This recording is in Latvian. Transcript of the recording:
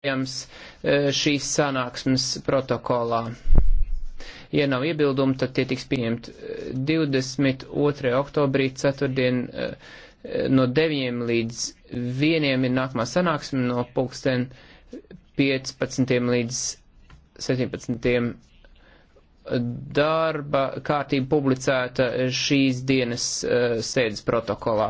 pieejams e, šīs sanāksmes protokolā. Ja nav iebildumi, tad tie tiks pieņemti e, 22. oktobrī, ceturtdien e, no 9 līdz 1 ir nākamā sanāksme no pulksten 15 līdz 17. Darba kārtība publicēta šīs dienas sēdes protokolā.